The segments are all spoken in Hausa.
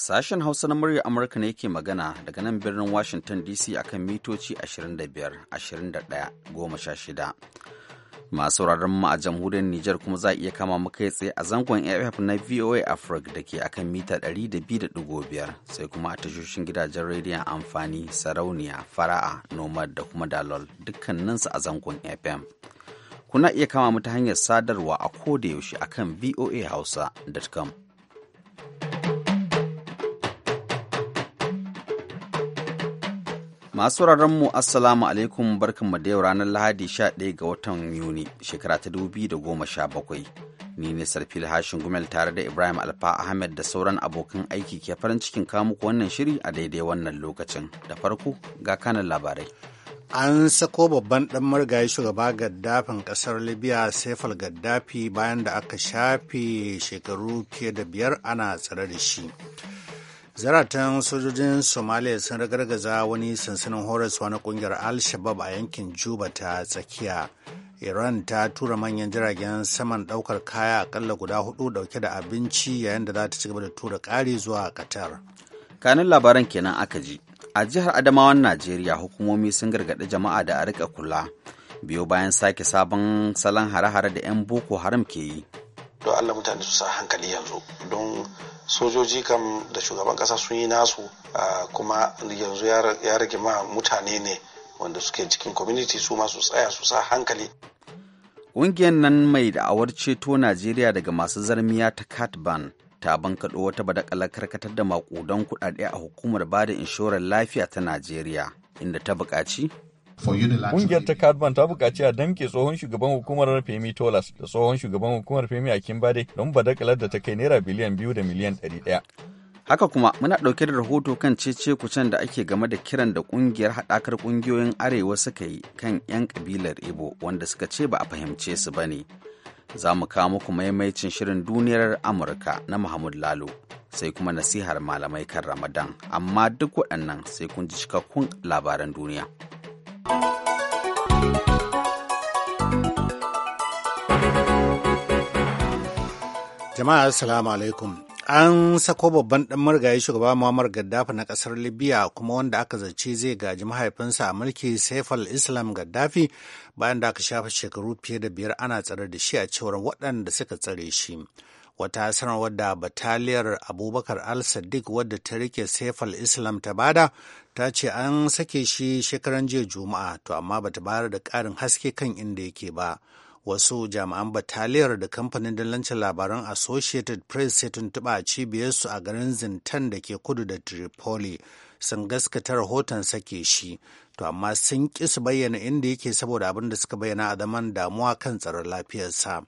Sashen Hausa na murya Amurka ne ke magana daga nan birnin Washington DC akan mitoci 25-21-16. Masu wuraren mu a jamhuriyar Nijar kuma za a iya kama muka kai tsaye a zangon AFF na VOA Africa da ke akan mita 200.5 sai kuma a tashoshin gidajen rediyon amfani sarauniya fara'a nomad da kuma dalol su a zangon FM. Kuna iya kama mu ta hanyar sadarwa a kodayaushe akan hausa.com. Masu mu Assalamu alaikum barkanmu da yau ranar Lahadi 11 ga watan Yuni shekara ta da goma 2017. Ni ne Sarfil Hashin Gumel tare da Ibrahim Alfa Ahmed da sauran abokan aiki ke farin cikin muku wannan shiri a daidai wannan lokacin. Da farko ga kanan labarai. An sako babban ɗan marigayi shugaba gaddafin ƙasar Libya Saifal Gaddafi bayan da aka shafe shekaru fiye da biyar ana tsare da shi. zaratan sojojin somaliya sun ragargaza wani sansanin horaswa na kungiyar al-shabab a yankin juba ta tsakiya iran ta tura manyan jiragen saman daukar kaya akalla guda hudu dauke da abinci yayin da za ta ci gaba da tura kari zuwa qatar kanin labaran kenan aka ji a jihar adamawan najeriya hukumomi sun gargaɗi jama'a da a rika kula biyo bayan sake sabon salon hare-hare da 'yan boko haram ke yi don allah mutane su sa hankali yanzu don sojoji kam da shugaban kasa sun yi nasu kuma yanzu ya rage ma mutane ne wanda suke cikin community su ma su tsaya su sa hankali ƙungiyar nan mai da'awar ceto najeriya daga masu zarmiya ta katban ta bankaɗo wata badakala karkatar da maƙudan kuɗaɗe a hukumar bada inshorar lafiya ta najeriya inda ta buƙaci Ƙungiyar ta Kadman ta bukaci a damke tsohon shugaban hukumar Femi Tolas da tsohon shugaban hukumar Femi Akinbade don badakalar da ta kai naira biliyan biyu da miliyan ɗari ɗaya. Haka kuma muna ɗauke da rahoto kan cece kucen da ake game da kiran da kungiyar haɗakar kungiyoyin Arewa suka yi kan 'yan ƙabilar Ibo wanda suka ce ba a fahimce su ba ne. Za mu kawo muku maimaicin shirin duniyar Amurka na Muhammad Lalo sai kuma nasihar malamai kan Ramadan amma duk waɗannan sai kun ji cikakkun labaran duniya. Jama'a Assalamu alaikum. An sako babban ɗan marigayi shugaba Muammar Gaddafi na ƙasar Libya kuma wanda aka zace zai gaji mahaifinsa a mulki Saifal Islam Gaddafi bayan da aka shafa shekaru fiye da biyar ana tsare da shi a cewar waɗanda suka tsare shi. wata sanarwar da bataliyar abubakar al-sadiq wadda ta rike saifal islam ta bada ta ce an sake shi shekaran jiya juma'a to amma bata bayar da ƙarin haske kan inda yake ba wasu jami'an bataliyar da kamfanin dalancin labaran associated press sai tuntuɓa a cibiyarsu a garin zintan da ke kudu da tripoli sun gaskata rahoton sake shi to amma sun ƙi su bayyana inda yake saboda abin da suka bayyana a zaman damuwa kan tsaron lafiyarsa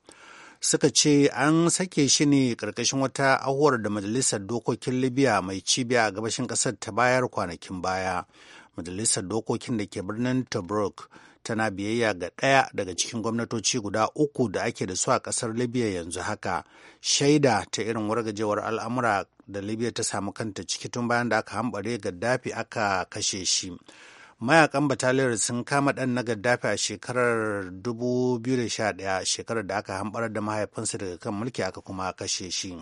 suka ce an sake shi ne ƙarƙashin wata ahuwar da Majalisar Dokokin Libya mai cibiya a gabashin ƙasar ta bayar kwanakin baya. Majalisar Dokokin da ke birnin Tobruk tana biyayya ga ɗaya daga cikin gwamnatoci guda uku da ake da su a ƙasar Libya yanzu haka. Shaida ta irin wargajewar al'amura da Libya ta samu kanta ciki tun bayan da aka hambare Gaddafi aka kashe shi. mayakan bataliyar sun kama ɗan na gaddafi a shekarar 2011 shekarar da aka hambar da mahaifinsa daga kan mulki aka kuma kashe shi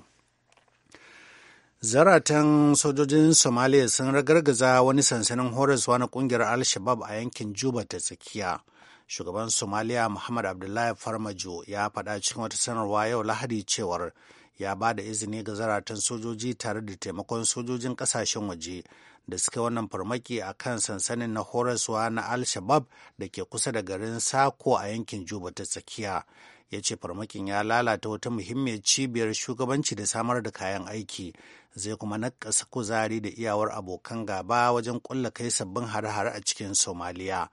zaratan sojojin somaliya sun ragargaza wani sansanin horaswa wani kungiyar al-shabab a yankin juba ta tsakiya shugaban somaliya muhammad abdullahi farmajo ya faɗa cikin wata sanarwa yau lahadi cewar ya ba da izini ga zaratan sojoji tare da taimakon sojojin ƙasashen waje da suka wannan farmaki a kan sansanin na horaswa na al-shabab da ke kusa da garin sako a yankin juba ta tsakiya ya ce farmakin ya lalata wata muhimmiyar cibiyar shugabanci da samar da kayan aiki zai kuma nakasa kuzari da iyawar abokan gaba wajen ƙulla kai sabbin hare-hare a cikin somaliya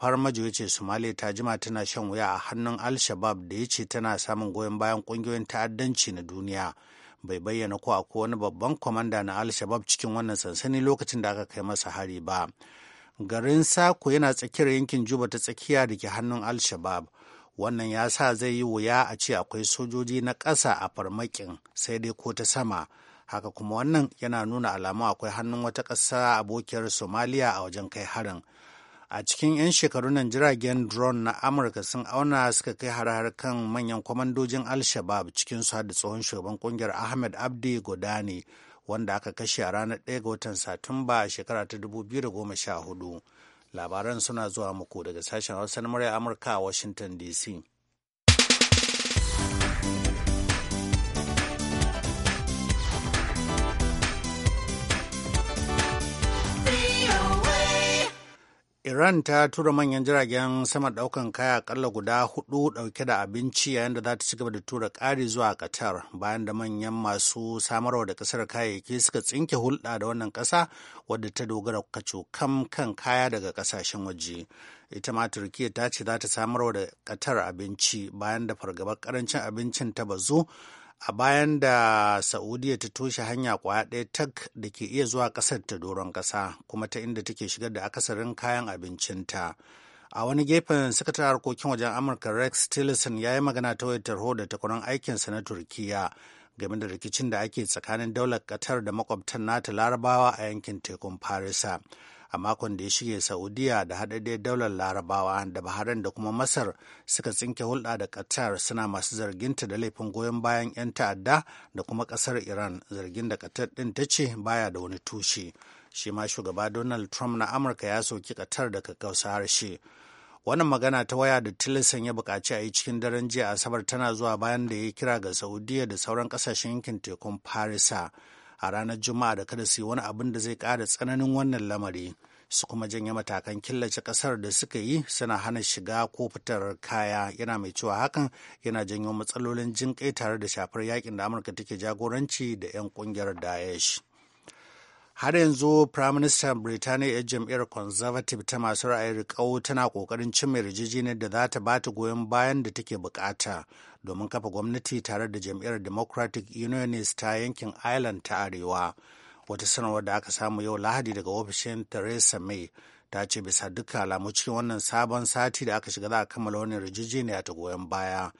farmajo ya ce somaliya ta jima tana shan wuya a hannun al-shabab da ya ce tana samun goyon bayan ƙungiyoyin ta'addanci na duniya bai bayyana ko akwai wani babban kwamanda na al-shabab cikin wannan sansani lokacin da aka kai masa hari ba garin sako yana tsakiyar yankin juba ta tsakiya da ke hannun al-shabab wannan ya sa zai yi wuya a ce akwai sojoji na ƙasa a farmakin sai dai ko ta sama haka kuma wannan yana nuna alamu akwai hannun wata ƙasa abokiyar somaliya a wajen kai harin a cikin 'yan shekarun nan jiragen drone na amurka sun auna suka kai har har kan manyan kwamandojin al-shabab cikin su da tsohon shugaban kungiyar ahmed abdi godani wanda aka kashe a ranar 1 ga watan satumba shekara ta 2014 labaran suna zuwa muku daga sashen hausa na murya amurka a washington dc Iran ta tura manyan jiragen sama daukan kaya akalla guda hudu dauke da abinci yayin da za ta ci da tura ƙari zuwa Qatar bayan da manyan masu samarwa da kasar kayayyaki suka tsinke hulɗa da wannan ƙasa wadda ta dogara kam kan kaya daga ƙasashen waje. Ita ma Turkiyya ta ce za ta samarwa da Qatar abinci bayan da fargabar ƙarancin abincin ta bazu a bayan da saudiya ta toshe hanya kwaya ɗaya tak da ke iya zuwa ƙasar ta doron ƙasa kuma ta inda take shigar da akasarin kayan abincinta a wani gefen sakatar harkokin wajen amurka rex tillerson ya yi magana ta wayar tarho da takwaron aikinsa na turkiya game da rikicin da ake tsakanin daular qatar da makwabtan nata larabawa a yankin tekun farisa a makon da ya shige saudiya da haɗaɗɗiyar daular larabawa da baharan da kuma masar suka tsinke hulɗa da qatar suna masu zarginta da laifin goyon bayan 'yan ta'adda da kuma ƙasar iran zargin da qatar ɗin ta ce baya da wani tushe shi ma shugaba donald trump na amurka ya soki qatar daga kakkausa harshe wannan magana ta waya da tillerson ya buƙaci a yi cikin daren jiya asabar tana zuwa bayan da ya kira ga saudiya da sauran ƙasashen yankin tekun farisa a ranar juma'a da kada su yi wani abin da zai ƙara tsananin wannan lamari su kuma janye matakan killace kasar da suka yi suna hana shiga ko fitar kaya yana mai cewa hakan yana janyo matsalolin jinƙai tare da shafar yakin da amurka take jagoranci da 'yan ƙungiyar daesh har yanzu firaministan birtaniya ya jam'iyyar conservative ta masu ra'ayin rikau tana kokarin mai yarjejeniyar da za ta ba ta goyon bayan da take bukata domin kafa gwamnati tare da jam'iyyar democratic unionist ta yankin ireland ta arewa wata sanarwar da aka samu yau lahadi daga ofishin theresa may ta ce bisa duka alamu cikin wannan sabon sati da aka shiga za a kammala wani yarjejeniya ta goyon baya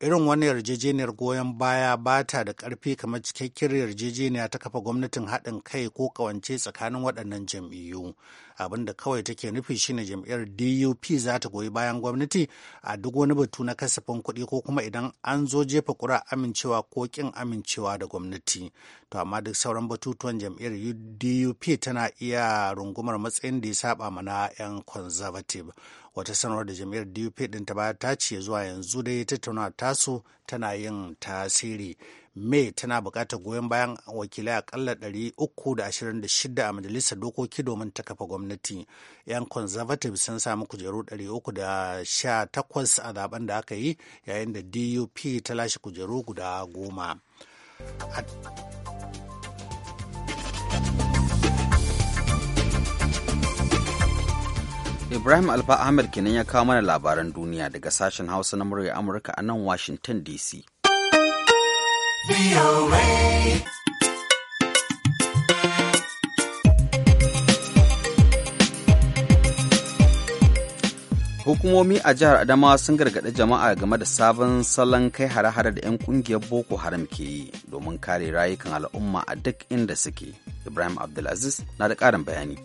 irin wani yarjejeniyar goyon baya ba ta da ƙarfi kamar cikakkiyar yarjejeniya ta kafa gwamnatin haɗin kai ko ƙawance tsakanin waɗannan jam'iyyu abin da kawai take nufi shine jam'iyyar dup za ta goyi bayan gwamnati a duk wani batu na kasafin kuɗi ko kuma idan an zo jefa ƙura amincewa ko ƙin amincewa da gwamnati to amma duk sauran batutuwan jam'iyyar dup tana iya rungumar matsayin da ya saba mana 'yan conservative wata sanarwar da jami'ar dup din ta baya ta ce zuwa yanzu dai tattauna tasu tana yin tasiri may tana buƙatar goyon bayan wakilai akalla 326 a majalisar dokoki domin ta kafa gwamnati yan conservative sun samu kujeru 318 a zaben da aka yi yayin da dup ta lashe kujeru guda goma Ibrahim Alfa Ahmed kenan ya kawo mana labaran duniya daga sashen Hausa na murya Amurka a nan Washington DC. Hukumomi a jihar Adamawa sun gargaɗi jama'a game da sabon salon kai hare-hare da 'yan ƙungiyar Boko Haram ke yi domin kare rayukan al'umma a duk inda suke. Ibrahim Abdulaziz na da ƙarin bayani.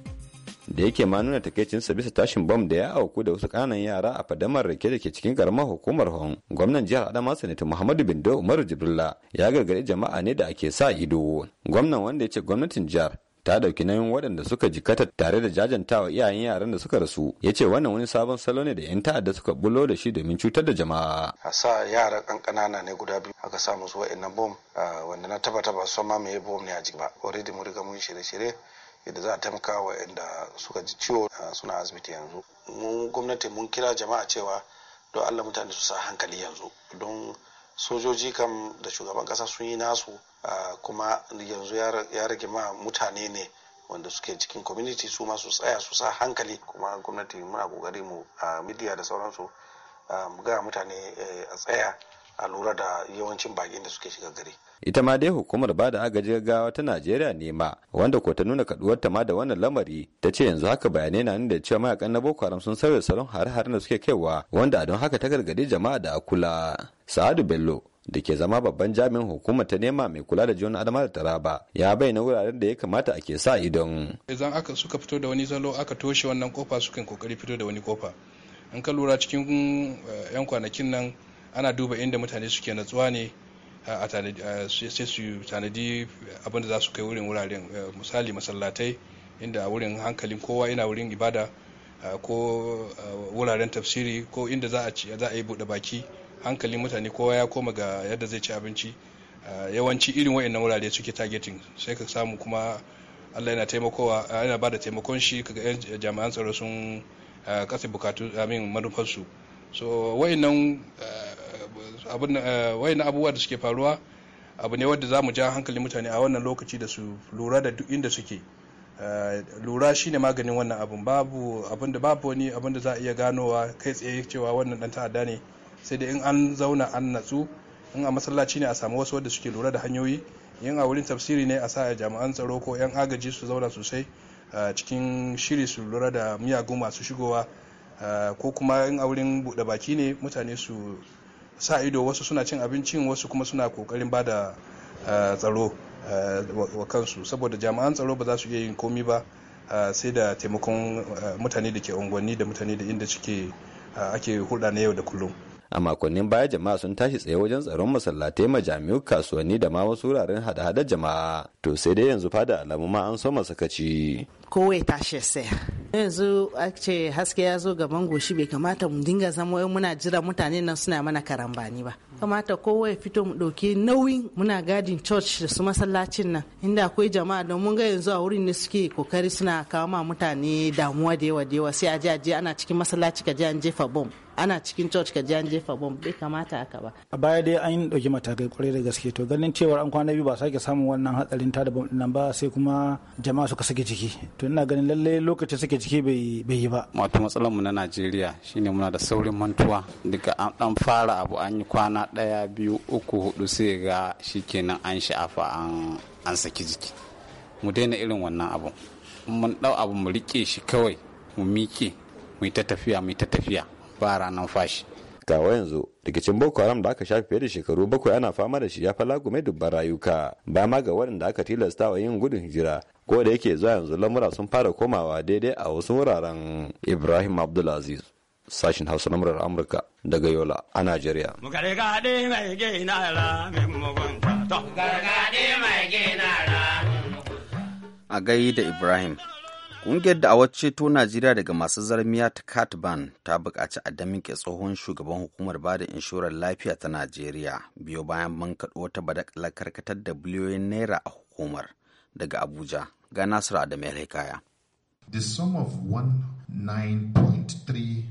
da yake ma nuna takaicinsa bisa tashin bom da ya auku da wasu kananan yara a fadamar rake da ke cikin karamar hukumar hon gwamnan jihar adama sanata muhammadu bindo umaru jibrila ya gargaɗi jama'a ne da ake sa ido gwamnan wanda ya ce gwamnatin jihar ta dauki nayin waɗanda suka jikata tare da jajantawa iyayen yaran da suka rasu ya ce wannan wani sabon salo ne da 'yan ta'adda suka bullo da shi domin cutar da jama'a a sa yara kankanana ne guda biyu aka sa musu na bom ah, wanda na tabbata ba su ma mamaye bom ne a jiki ba already mun riga mun shirye-shirye yadda za a taimaka wa inda suka ji ciwo suna asibiti yanzu mun gwamnati mun kira jama'a cewa don allah mutane su sa hankali yanzu don sojoji kam da shugaban kasa sun yi nasu kuma yanzu ya rage ma mutane ne wanda suke cikin community su ma su tsaya su sa hankali kuma gwamnati muna kokari mu a midiya da sauransu mu ga mutane eh, a tsaya a lura da yawancin bakin da suke shiga gari ita ma dai hukumar ba da agaji gaggawa ta najeriya ne ma wanda ko ta nuna kaduwar ta ma da wannan lamari ta ce yanzu haka bayanai na nuna cewa mayakan na boko haram sun sauya salon har-har da suke kaiwa wanda a don haka ta gargadi jama'a da akula sa'adu bello da ke zama babban jami'in hukumar ta nema mai kula da jiyon adama da taraba ya bayyana wuraren da ya kamata a ke sa idon idan aka suka fito da wani zalo aka toshe wannan kofa suka kokari fito da wani kofa in ka lura cikin eh, yan kwanakin nan ana duba inda mutane suke natsuwa ne sai su tanadi abin da za su kai wurin wuraren eh, misali masallatai inda wurin hankalin kowa yana wurin ibada ko wuraren tafsiri ko inda za a yi buɗe baki hankalin mutane kowa ya koma ga yadda zai ci abinci yawanci irin wayannan wurare suke targeting sai ka samu kuma allah yana taimakowa yana ba da taimakon shi kaga yan jami'an tsaro sun kasa bukatu amin manufarsu so wayannan abin eh, abubuwa da suke faruwa abu ne wadda za mu ja hankali mutane a wannan lokaci da su lura da duk inda suke eh, lura shine maganin wannan abun babu abin da babu wani abin da za a iya ganowa kai tsaye cewa wannan dan ta'adda ne sai da in an zauna an natsu in a masallaci ne a samu wasu wadda suke lura da hanyoyi in a wurin tafsiri ne a sa a jami'an tsaro ko 'yan agaji su zauna sosai eh, cikin shiri su lura da miyagun masu shigowa ko kuma in a wurin buɗe baki ne mutane su sa ido wasu suna cin abincin wasu kuma suna kokarin ba da eh, tsaro eh, wa kansu saboda jami'an tsaro ba za su iya yin komi ba eh, sai da taimakon mutane da ke unguwanni da mutane da inda suke ake hulɗa na yau da kullum a makonnin baya jama'a sun tashi tsaye wajen tsaron masallatai majami'u kasuwanni da ma wasu wuraren hada-hada jama'a to sai dai yanzu fada alamu ma an so sakaci kowai tashi sai yanzu ce haske ya zo gaban goshi bai kamata mu dinga zama wai muna jira mutane nan suna mana karambani ba kamata kowa ya fito mu dauke nauyin muna gadin church da su masallacin nan inda akwai jama'a don mun ga yanzu a wurin ne suke kokari suna kawo ma mutane damuwa da yawa da yawa sai a je a je ana cikin masallaci ka je an jefa bomb ana cikin church ka je an jefa bom bai kamata haka ba a baya dai an dauki matakai kwarai da gaske to ganin cewar an kwana biyu ba sake samun wannan hatsarin ta bom din nan ba sai kuma jama'a suka sake jiki to ina ganin lalle lokacin suke ciki bai yi ba wato matsalar mu na najeriya shine muna da saurin mantuwa daga an dan fara abu an yi kwana ɗaya biyu uku hudu sai ga shi shikenan an sha'afa an an saki jiki mu daina irin wannan abu mun ɗau abu mu rike shi kawai mu mike mu ta tafiya mu ta tafiya ba ranar fashi kawo yanzu rikicin boko haram da aka shafe fiye da shekaru bakwai ana fama da shi ya fa lagume dubban rayuka ba ma ga waɗanda aka tilasta wa yin gudun hijira ko da yake zuwa yanzu lamura sun fara komawa daidai a wasu wuraren ibrahim abdulaziz sashin hausa na murar amurka daga yola a najeriya a gai da ibrahim Ƙungiyar da a to Najeriya daga masu zarmiya ta Katban ta buƙaci a daminke tsohon shugaban hukumar bada inshorar lafiya ta Najeriya biyo bayan bankaɗo wata badakalar karkatar da biliyoyin naira a hukumar daga Abuja ga Nasiru Adamu Hikaya. The sum of 19.3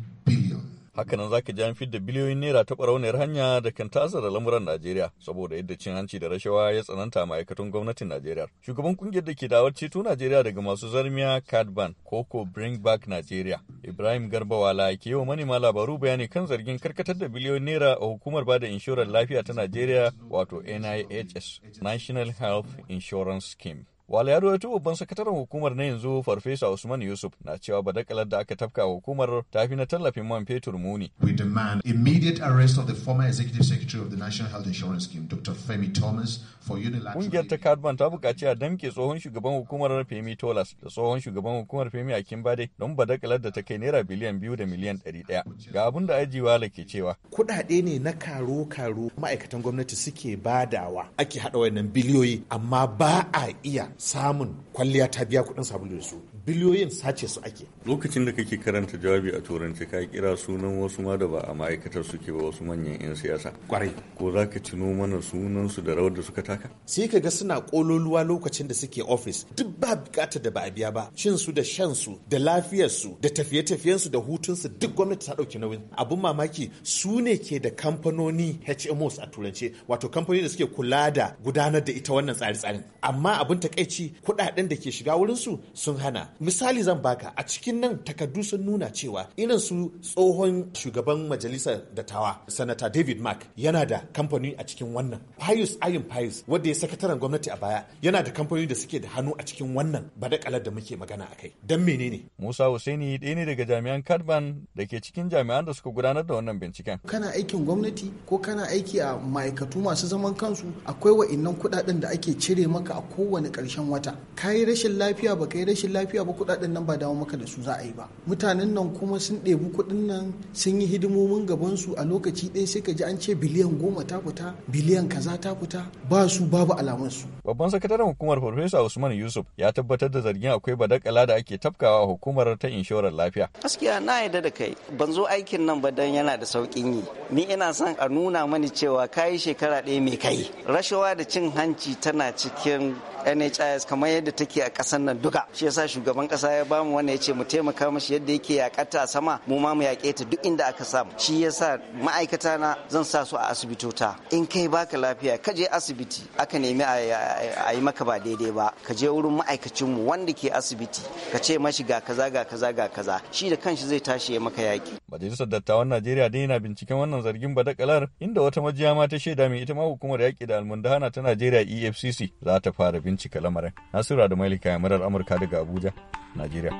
Hakanan za ka ji an fidda biliyoyin naira ta barauniyar hanya da kan tasara lamuran Najeriya saboda yadda cin hanci da rashawa ya tsananta ma'aikatan gwamnatin Najeriya. Shugaban kungiyar da ke dawar ceto Najeriya daga masu zarmiya Cardban ko Bring Back Najeriya. Ibrahim Garbawala ke yi wa manema labaru bayani kan zargin karkatar da biliyoyin naira a hukumar bada inshorar lafiya ta Najeriya wato NIHS National Health Insurance Scheme. Wala ya rawaito babban sakataren hukumar na yanzu Farfesa Usman Yusuf na cewa badakalar da aka tafka hukumar ta fi na tallafin man fetur muni. We demand immediate arrest of the former executive secretary of the National Health Insurance Scheme Dr. Femi Thomas for unilateral. Kungiyar ta Kadban ta buƙaci a damke tsohon shugaban hukumar Femi Tolas da tsohon shugaban hukumar Femi Akinbade don badakalar da ta kai naira biliyan biyu da miliyan ɗari ɗaya. Ga abin da Aji Wala ke cewa. Kuɗaɗe ne na karo-karo ma'aikatan gwamnati suke badawa ake haɗa wannan biliyoyi amma ba a iya samun kwalliya ta biya kuɗin sabulu da su biliyoyin sace su ake lokacin da kake karanta jawabi a turanci ka kira sunan wasu ma da ba a ma'aikatar suke ba wasu manyan 'yan siyasa kwarai ko za ka cino mana sunan su da rawar da suka taka sai ka ga suna kololuwa lokacin da suke ofis duk ba bukata da ba a biya ba cin su da shan su da lafiyar su da tafiye-tafiyen su da hutun su duk gwamnati ta dauki nauyin abun mamaki su ne ke da kamfanoni HMOs a turance wato kamfanin da suke kula da gudanar da ita wannan tsari tsarin amma abun takaici kudaden da ke shiga wurin su sun hana misali zan baka a cikin nan takardu sun nuna cewa irin su tsohon shugaban majalisar dattawa sanata david mark yana da kamfani a cikin wannan pius ayin pius wanda ya sakataren gwamnati a baya yana da kamfani da suke da hannu a cikin wannan badakalar da muke magana a kai don menene musa hussaini ɗaya ne daga jami'an kadban da ke cikin jami'an da suka gudanar da wannan binciken kana aikin gwamnati ko kana aiki a ma'aikatu masu zaman kansu akwai wa'innan kuɗaɗen da ake cire maka a kowane ƙarshen wata ka yi rashin lafiya ba ka yi rashin lafiya abu kudaden nan ba dawo maka da su za a yi ba mutanen nan kuma sun ɗebi kuɗin nan sun yi hidimomin gaban su a lokaci ɗaya sai ka ji an ce biliyan goma ta fita biliyan kaza ta fita ba su babu alamun su babban sakataren hukumar farfesa usman yusuf ya tabbatar da zargin akwai badakala da ake tafkawa hukumar ta inshorar lafiya gaskiya na yarda da kai ban zo aikin nan ba dan yana da saukin yi ni ina son a nuna mani cewa kayi shekara ɗaya mai kai rashawa da cin hanci tana cikin NHIS kamar yadda take a ƙasar nan duka shi yasa shugaban shugaban kasa ya ba bamu ya ce mu taimaka mashi yadda yake yakata ta sama mu ma mu yake ta duk inda aka samu shi yasa ma'aikata na zan sa su a asibitota in kai baka lafiya ka je asibiti aka nemi a yi maka ba daidai ba ka je wurin ma'aikacin mu wanda ke asibiti ka ce mashi ga kaza ga kaza ga kaza shi da kanshi zai tashi ya maka yaki majalisar dattawan Najeriya dai yana binciken wannan zargin badakalar inda wata majiya ma ta shaida mai ita ma hukumar yaƙi da almundahana ta Najeriya EFCC za ta fara bincika lamarin Nasura da Malika Yamarar Amurka daga Abuja najeriya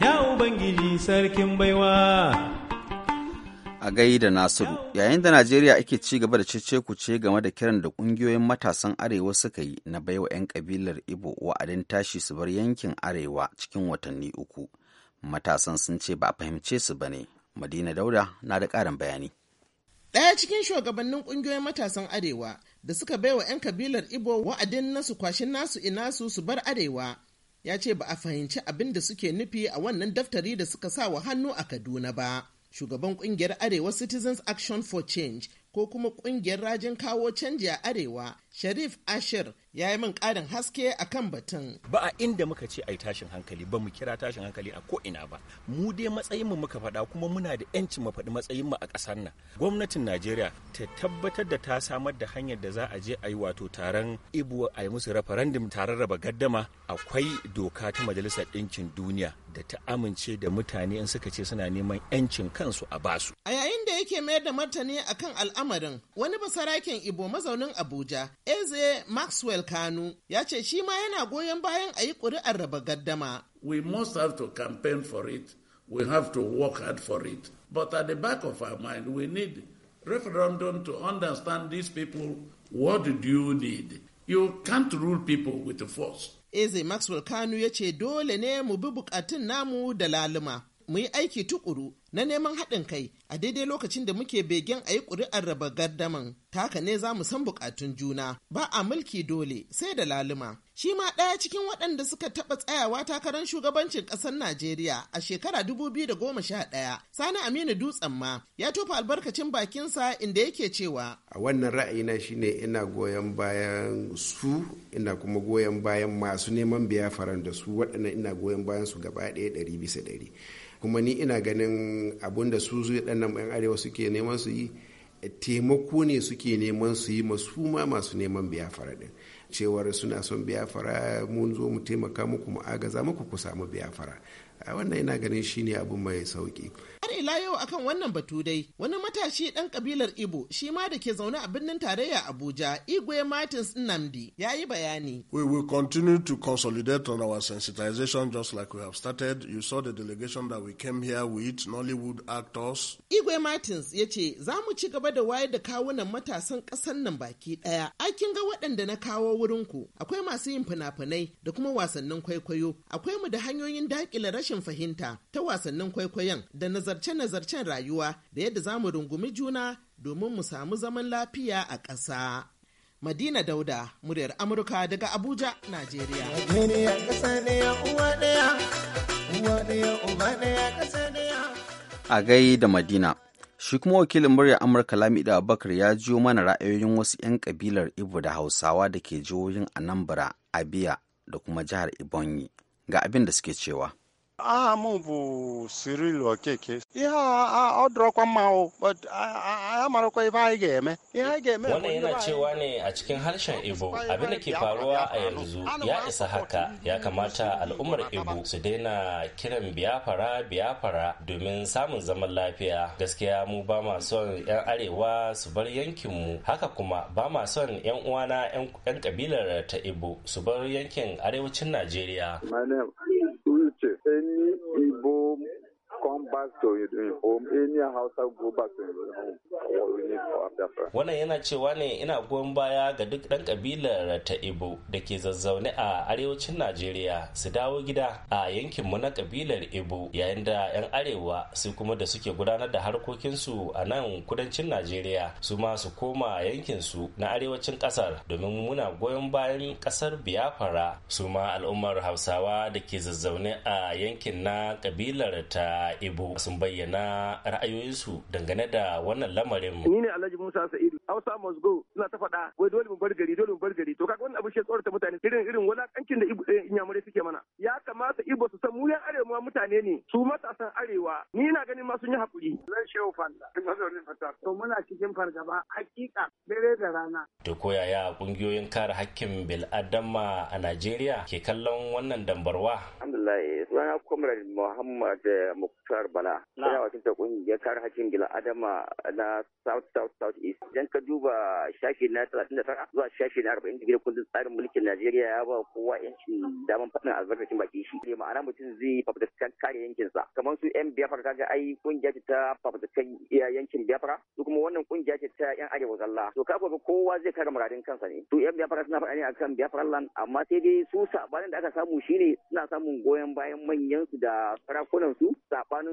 ya ubangiji sarkin baiwa a gai da nasiru yayin da najeriya ake ci gaba da cece ce game da kiran da ƙungiyoyin matasan arewa suka yi na baiwa 'yan kabilar ibo wa'adin tashi su bar yankin arewa cikin watanni uku matasan sun ce ba a fahimce su ba ne madina dauda na da ƙarin bayani Ɗaya cikin shugabannin ƙungiyoyin matasan Arewa da suka baiwa 'yan kabilar Ibo wa'adin nasu kwashin nasu ina su su bar Arewa ya ce ba a fahimci abin da suke nufi a wannan daftari da suka sa wa hannu a Kaduna ba. Shugaban kungiyar Arewa Citizens Action for Change ko kuma kungiyar rajin kawo canji a Arewa Sharif Ashir ya yi min ƙarin haske a kan batun. Ba a inda muka ce a yi tashin hankali ba mu kira tashin hankali a ko'ina ba. Mu dai matsayinmu muka faɗa kuma muna da 'yancin mu faɗi matsayinmu a ƙasar nan. Gwamnatin Najeriya ta tabbatar da ta samar da hanyar da za a je a yi wato taron Ibo a yi musu referendum tare raba gaddama akwai doka ta Majalisar Ɗinkin Duniya da ta amince da mutane in suka ce suna neman 'yancin kansu a basu. A yayin da yake mayar da martani akan al'amarin wani basaraken Ibo mazaunin Abuja Eze Maxwell Kanu ya ce shi ma yana goyon bayan a yi ƙuri'ar raba gaddama. We must have to campaign for it. We have to work hard for it. But at the back of our mind, we need referendum to understand these people. What do you need? You can't rule people with force. Eze Maxwell Kanu ya ce dole ne mu bi bukatun namu da laluma. mu yi aiki tukuru na neman haɗin kai a daidai lokacin da muke begen a yi ƙuri'ar raba gardaman ta haka ne za mu san buƙatun juna ba a mulki dole sai da laluma shi ma ɗaya cikin waɗanda suka taɓa tsayawa takarar shugabancin ƙasar najeriya a shekara biyu da goma sha ɗaya, sani aminu dutsen ma ya tofa albarkacin bakinsa inda yake cewa a wannan ra'ayina shine ina goyon bayan su ina kuma goyon bayan masu neman biyafaran da su waɗannan ina goyon bayan su gaba ɗaya ɗari bisa ɗari kuma ni ina ganin abun da su zuwa ɗan nan yan arewa suke neman su yi taimako ne suke neman su yi masu ma masu neman biyafara din cewar suna son biyafara mun zo mu taimaka muku mu agaza muku ku samu biyafara a wannan ina ganin shine abu mai sauki Har ila yau akan wannan batu dai, wani matashi ɗan kabilar Ibo shi ma da ke zaune a birnin tarayya Abuja, Igwe Martins Nnamdi ya yi bayani. We will continue to consolidate on our sensitization just like we have started. You saw the delegation that we came here with, Nollywood actors. Igwe Martins ya ce, za mu ci gaba da wayar da kawunan matasan ƙasar nan baki ɗaya. Ai kin ga waɗanda na kawo wurin ku akwai masu yin fina-finai da kuma wasannin kwaikwayo, akwai mu da hanyoyin daƙile rashin fahimta ta wasannin kwaikwayon da na nazarce-nazarcen rayuwa da yadda za mu rungumi juna domin mu samu zaman lafiya a ƙasa. Madina Dauda, muryar Amurka daga Abuja, Najeriya. A gai da Madina, shi kuma wakilin muryar Amurka Lamida Abubakar ya jiyo mana ra'ayoyin wasu 'yan ƙabilar Ibo da Hausawa da ke jihohin Anambra, Abia da kuma jihar Ibonyi ga abin da suke cewa. Aha m bụ siril Okeke. Ihe a ọ dịrọkwa mma o, but a marakwa ebe anyị ga-eme. Ihe anyị ga-eme yana cewa ne a cikin harshen Igbo abin da ke faruwa a yanzu ya isa haka ya kamata al'ummar Igbo su daina kiran biyafara biyafara domin samun zaman lafiya. Gaskiya mu ba ma son 'yan arewa su bar yankinmu haka kuma ba ma son 'yan uwana 'yan kabilar ta Igbo su bar yankin arewacin Najeriya. 50 ee, back to your home, Hausa go back to your home. Wannan yana cewa ne ina goyon baya ga duk ɗan ƙabilar ta Ibo da ke zazzaune a arewacin Najeriya su dawo gida a yankinmu na ƙabilar Ibo yayin da 'yan arewa su kuma da suke gudanar da harkokinsu a nan kudancin Najeriya su ma su koma yankinsu na arewacin ƙasar domin muna goyon bayan ƙasar Biafra su ma al'ummar Hausawa da ke zazzaune a yankin na ƙabilar ta Ibo sun bayyana ra'ayoyinsu dangane da wannan lamarin. Ni ne Alhaji Musa Sa'idu Hausa must go suna ta faɗa wai dole mu bar gari dole mu bar gari to kaga wannan abu shi tsorata mutane irin irin wulakancin da eh, inyamurai suke mana ya kamata Ibo su san mu yan arewa mutane ne su matasan arewa ni na ganin ma sun yi hakuri zan shehu fanda mazaunin fatar to muna cikin fargaba hakika dare da rana to ko yaya kungiyoyin kare hakkin bil'adama a Najeriya ke kallon wannan dambarwa alhamdulillah eh, sunana comrade Muhammad eh, Muktar Bala ina wakilta kungiyar kare hakkin bil'adama na South South South East ka duba shafi na 39 zuwa shafi na 40 da kundin tsarin mulkin Najeriya ya ba kowa yancin daman faɗin albarkacin baki shi ne ma'ana mutum zai fafutukan kare yankinsa kamar su yan ta ga ai kungiya ce ta fafutukan yankin biyafara, su kuma wannan kungiya ce ta yan arewa zalla to ka gobe kowa zai kare muradin kansa ne to yan biyafara suna faɗa ne a kan biyafara lan. amma sai dai su sabanin da aka samu ne suna samun goyon bayan manyan su da sarakunan su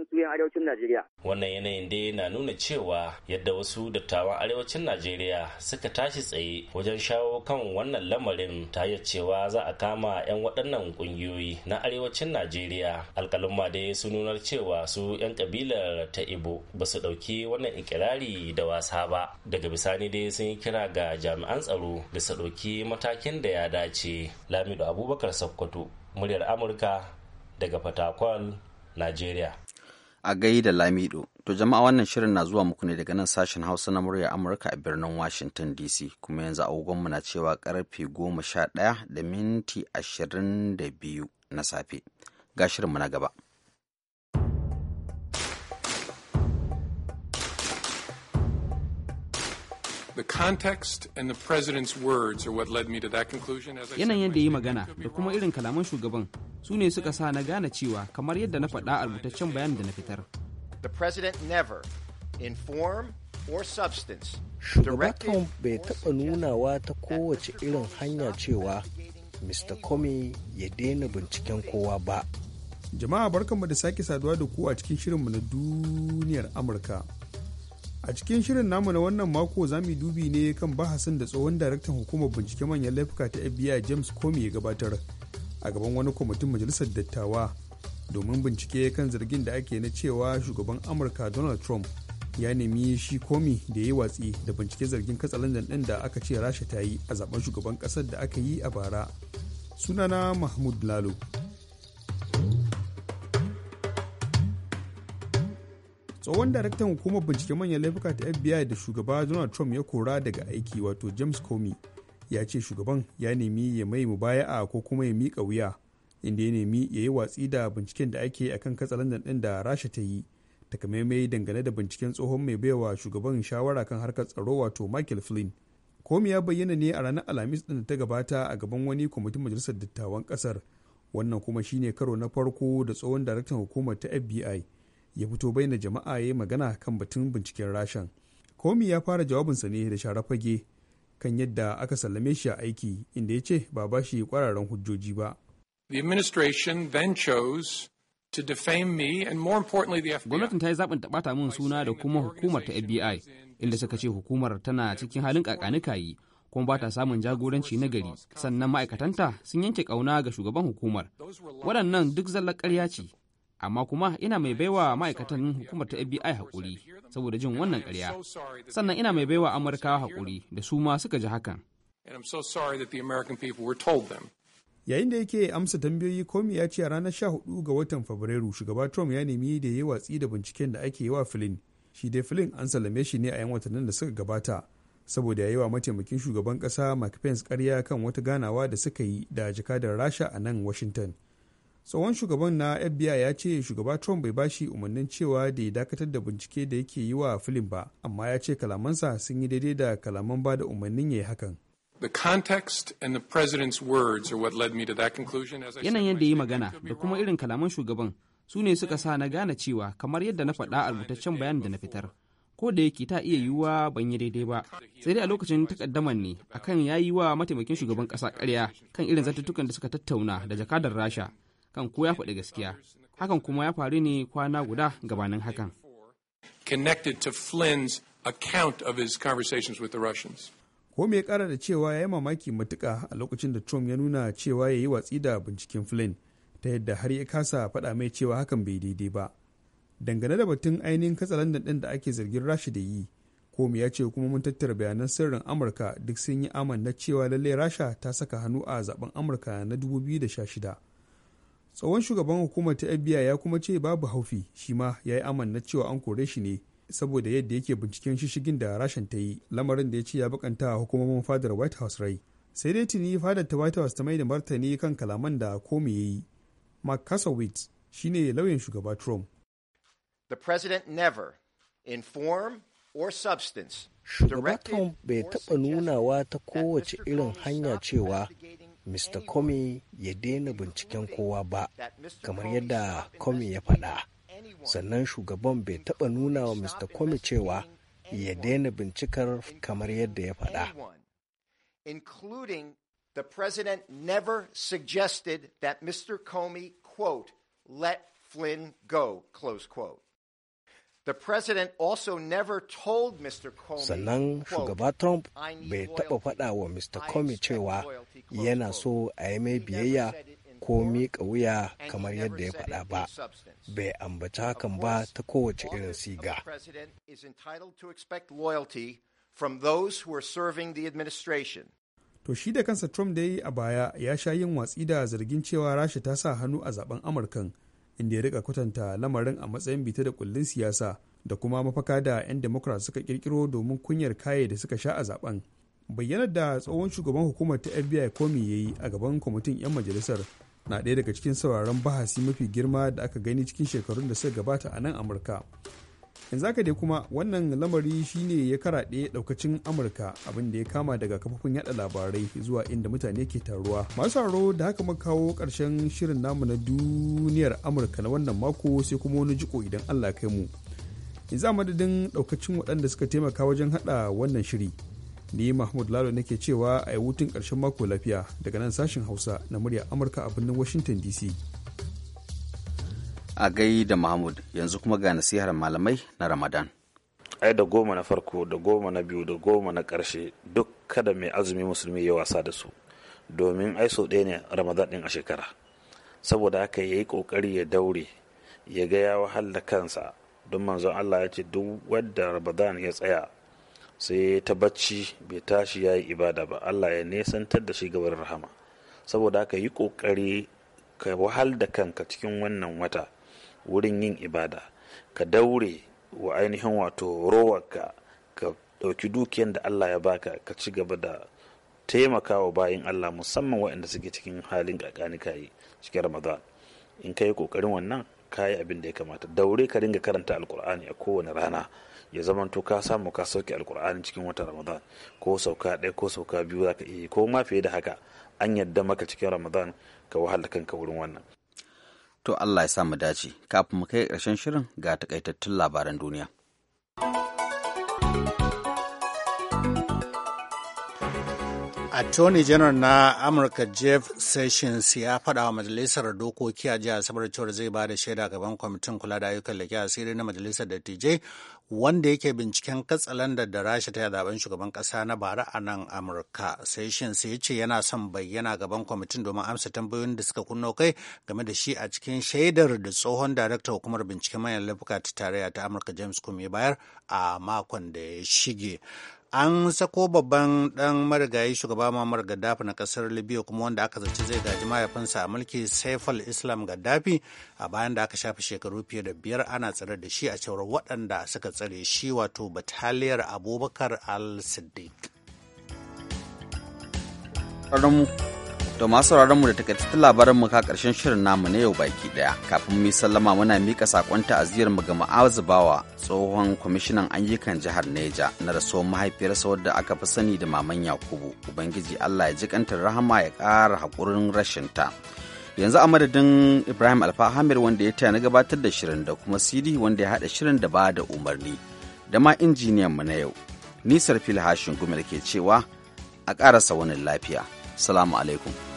su yan arewacin Najeriya wannan yanayin dai na nuna cewa yadda wasu dattawan arewacin Najeriya najeriya suka tashi tsaye wajen shawo kan wannan lamarin ta yi cewa za a kama 'yan waɗannan ƙungiyoyi na arewacin najeriya alƙalin dai su nunar cewa su 'yan ƙabilar ta ibo ba su ɗauki wannan ikirari da wasa ba daga bisani dai sun yi kira ga jami'an tsaro da su ɗauki matakin da ya dace lamido abubakar sokoto muryar amurka daga fatakwal najeriya a gaida Lamido. To jama'a wannan shirin na zuwa muku ne daga nan sashen Hausa na murya Amurka a birnin Washington DC kuma yanzu agogonmu na cewa karfe goma sha ɗaya da minti ashirin da biyu na safe. Ga shirinmu na gaba. Yanayin yadda ya magana da kuma irin kalaman shugaban su ne suka sa na gane cewa kamar yadda na faɗa a rubutaccen bayanin da na fitar. The president never, in form or substance, Shugaba bai taɓa nunawa ta kowace irin hanya cewa Mr. Comey ya daina binciken kowa ba. Jama'a barkanmu da sake saduwa da ku a cikin shirinmu na duniyar Amurka. a cikin shirin namu na wannan mako za mu dubi ne kan bahasin da tsohon daraktan hukumar bincike manyan laifuka ta fbi james comey ya gabatar a gaban wani kwamitin majalisar dattawa domin bincike kan zargin da ake na cewa shugaban amurka donald trump ya nemi shi komi da ya yi watsi da bincike zargin katsalandan ɗin da aka ce rasha ta yi a zaben shugaban ƙasar da aka yi a bara sunana mahmud lalo tsohon daraktan hukumar bincike manyan laifuka ta fbi da shugaba donald trump ya kora daga aiki wato james comey ya ce shugaban ya nemi ya mai a ko kuma ya miƙa wuya inda ya nemi ya yi watsi da binciken da ake akan katsalandan ɗin da rasha ta yi takamaimai dangane da binciken tsohon mai baiwa shugaban shawara kan harkar tsaro wato michael flynn komi ya bayyana ne a ranar alhamis ɗin da ta gabata a gaban wani kwamitin majalisar dattawan ƙasar wannan kuma shine karo na farko da tsohon daraktan hukumar ta fbi ya fito bayyana jama'a ya yi magana kan batun binciken rashan komi ya fara jawabinsa ne da shara fage kan yadda aka sallame shi a aiki inda ya ce ba ba shi kwararren hujjoji ba the administration then chose to defame me and more importantly the FBI. Gwamnatin ta yi zaɓin ta bata min suna da kuma hukumar ta FBI inda suka ce hukumar tana cikin halin kakanika yi kuma ba ta samun jagoranci na gari sannan ma'aikatanta sun yanke ƙauna ga shugaban hukumar. Waɗannan duk zallar ƙarya ce amma kuma ina mai baiwa ma'aikatan hukumar ta FBI haƙuri saboda jin wannan ƙarya. Sannan ina mai baiwa amurka haƙuri da su ma suka ji hakan. Yayin da yake amsa tambayoyi komi ya ce a ranar 14 ga watan Fabrairu shugaba Trump ya nemi da yi watsi da binciken da ake yi wa Flynn. Shi dai filin an sallame shi ne a 'yan watannin da suka gabata saboda ya yi wa mataimakin shugaban ƙasa Mike Pence ƙarya kan wata ganawa da suka yi da jakadar Rasha a nan Washington. tsohon shugaban na fbi ya ce shugaba trump bai bashi umarnin cewa da ya dakatar da bincike da yake yi wa filin ba amma ya ce kalamansa sun yi daidai da kalaman ba da umarnin ya yi hakan The context and the president's words are what led me to that conclusion. Yanayin da yi magana da kuma irin kalaman shugaban su ne suka sa na gane cewa kamar yadda na faɗa a rubutaccen bayanin da na fitar. Ko da yake ta iya yiwuwa ban yi daidai ba, sai dai a lokacin takaddaman ne akan ya yi wa mataimakin shugaban ƙasa ƙarya kan irin zartutukan da suka tattauna da jakadar Rasha kan ko ya faɗi gaskiya hakan kuma ya faru ne kwana guda gabanin hakan connected to Flynn's account of his conversations with the Russians. Ko ya kara da cewa ya yi mamaki matuka a lokacin da Trump ya nuna cewa ya yi watsi da binciken Flynn ta yadda har ya kasa faɗa mai cewa hakan bai daidai ba. Dangane da batun ainihin katsalandan ɗin da ake zargin Rasha da yi, Home ya ce kuma mun tattara bayanan sirrin Amurka duk sun yi amanna cewa lallai Rasha ta saka hannu a zaben Amurka na 2016. tsohon shugaban hukumar ta fbi ya kuma ce babu haufi shi ma ya yi amanna cewa an kore shi ne saboda yadda yake binciken shishigin da rashin ta yi lamarin da ya ce ya bakanta hukumomin fadar white house rai sai dai tuni fadar ta white house ta mai da martani kan kalaman da komi ya yi mark kasowitz shine lauyan shugaba trump the president never in or substance Shugaba Trump bai taɓa nunawa ta kowace irin hanya cewa mr comey ya daina binciken kowa ba kamar yadda comey ya faɗa sannan shugaban bai taɓa nuna wa mr comey cewa ya daina bincikar kamar yadda ya faɗa The president never suggested that Mr. Comey, quote, let Flynn go, close quote. Sannan shugaba Trump bai taɓa faɗa wa Mr. Comey cewa yana so a yi mai biyayya ko miƙa wuya kamar yadda ya faɗa ba, bai ambaci hakan ba ta kowace irin siga. To shi da kansa Trump da ya yi a baya ya sha yin watsi da zargin cewa Rasha ta sa hannu a zaben Amurkan inda ya rika kwatanta lamarin a matsayin bita da kullun siyasa da kuma mafaka da 'yan demokrat suka kirkiro domin kunyar kaye da suka sha a zaben bayyanar da tsohon shugaban hukumar ta fbi komi ya yi a gaban kwamitin 'yan majalisar na ɗaya daga cikin sauraron bahasi mafi girma da aka gani cikin shekarun da suka gabata a nan amurka yanzu haka dai kuma wannan lamari shine ya karaɗe ɗaukacin amurka abin da ya kama daga kafofin yada labarai zuwa inda mutane ke taruwa masu sauraro da haka muka kawo ƙarshen shirin namu na duniyar amurka na wannan mako sai kuma wani jiko idan allah kai mu yanzu a madadin ɗaukacin waɗanda suka taimaka wajen haɗa wannan shiri ni mahmud lalo nake cewa a yi hutun ƙarshen mako lafiya daga nan sashen hausa na murya amurka a birnin washington dc a gai da mahmud yanzu kuma ga nasihar malamai na ramadan ai da goma na farko da goma na biyu da goma na ƙarshe duk kada mai azumi musulmi ya wasa da su domin ai sau ɗaya ne ramadan ɗin a shekara saboda haka ya yi ƙoƙari ya daure ya ga ya wahal da kansa don manzon allah ya ce duk wadda ramadan ya tsaya sai ta bacci bai tashi ya yi ibada ba allah ya nesantar da shi gabar rahama saboda haka yi ƙoƙari ka wahal da kanka cikin wannan wata wurin yin ibada ka daure wa ainihin wato rowarka ka ɗauki dukiyan da Allah ya baka ka ci gaba da taimakawa bayan Allah musamman waɗanda suke cikin halin ka yi cikin Ramadan in ka yi ƙoƙarin wannan ka yi abin da ya kamata daure ka ringa karanta alkur'ani a kowane rana ya zamanto ka samu ka sauke alkur'ani cikin wata ramadan ko sauka ɗaya ko sauka biyu za ka iya ko ma fiye da haka an yadda maka cikin ramadan ka wahala kanka wurin wannan To Allah ya sa mu dace, kafin mu kai ƙarshen shirin ga takaitattun labaran duniya. attorney general na amurka jeff sessions ya faɗa wa majalisar dokoki a jihar asabar cewar zai ba da shaida gaban kwamitin kula da ayyukan leke asiri na majalisar dattijai wanda yake binciken katsalandar da rasha ta zaben shugaban kasa na bara a nan amurka sessions ya ce yana son bayyana gaban kwamitin domin amsa tambayoyin da suka kunno kai game da shi a cikin shaidar da tsohon darakta hukumar binciken manyan laifuka ta tarayya ta amurka james kum ya bayar a makon da ya shige an sako babban dan marigayi shugaba Muammar Gaddafi na kasar Libya kuma wanda aka zaci zai gaji mahaifinsa a mulki Saiful Islam Gaddafi a bayan da aka shafe shekaru fiye da biyar ana tsare da shi a cewar waɗanda suka tsare shi wato bataliyar Abubakar Al-Siddiq. To masu mu da takaitattun labaran mu ka karshen shirin namu na yau baki daya. Kafin mu sallama muna mika sakon ta'aziyar mu ga Ma'azu tsohon kwamishinan ayyukan jihar Neja na raso mahaifiyarsa wadda aka fi sani da Maman Yakubu. Ubangiji Allah ya ji kantar rahama ya ƙara haƙurin rashin ta. Yanzu a madadin Ibrahim Alfa Hamir wanda ya taya na gabatar da shirin da kuma Sidi wanda ya haɗa shirin da ba da umarni. Da ma injiniyan mu na yau. Nisar filhashin Gumel ke cewa a karasa wani lafiya. Salamu alaikum.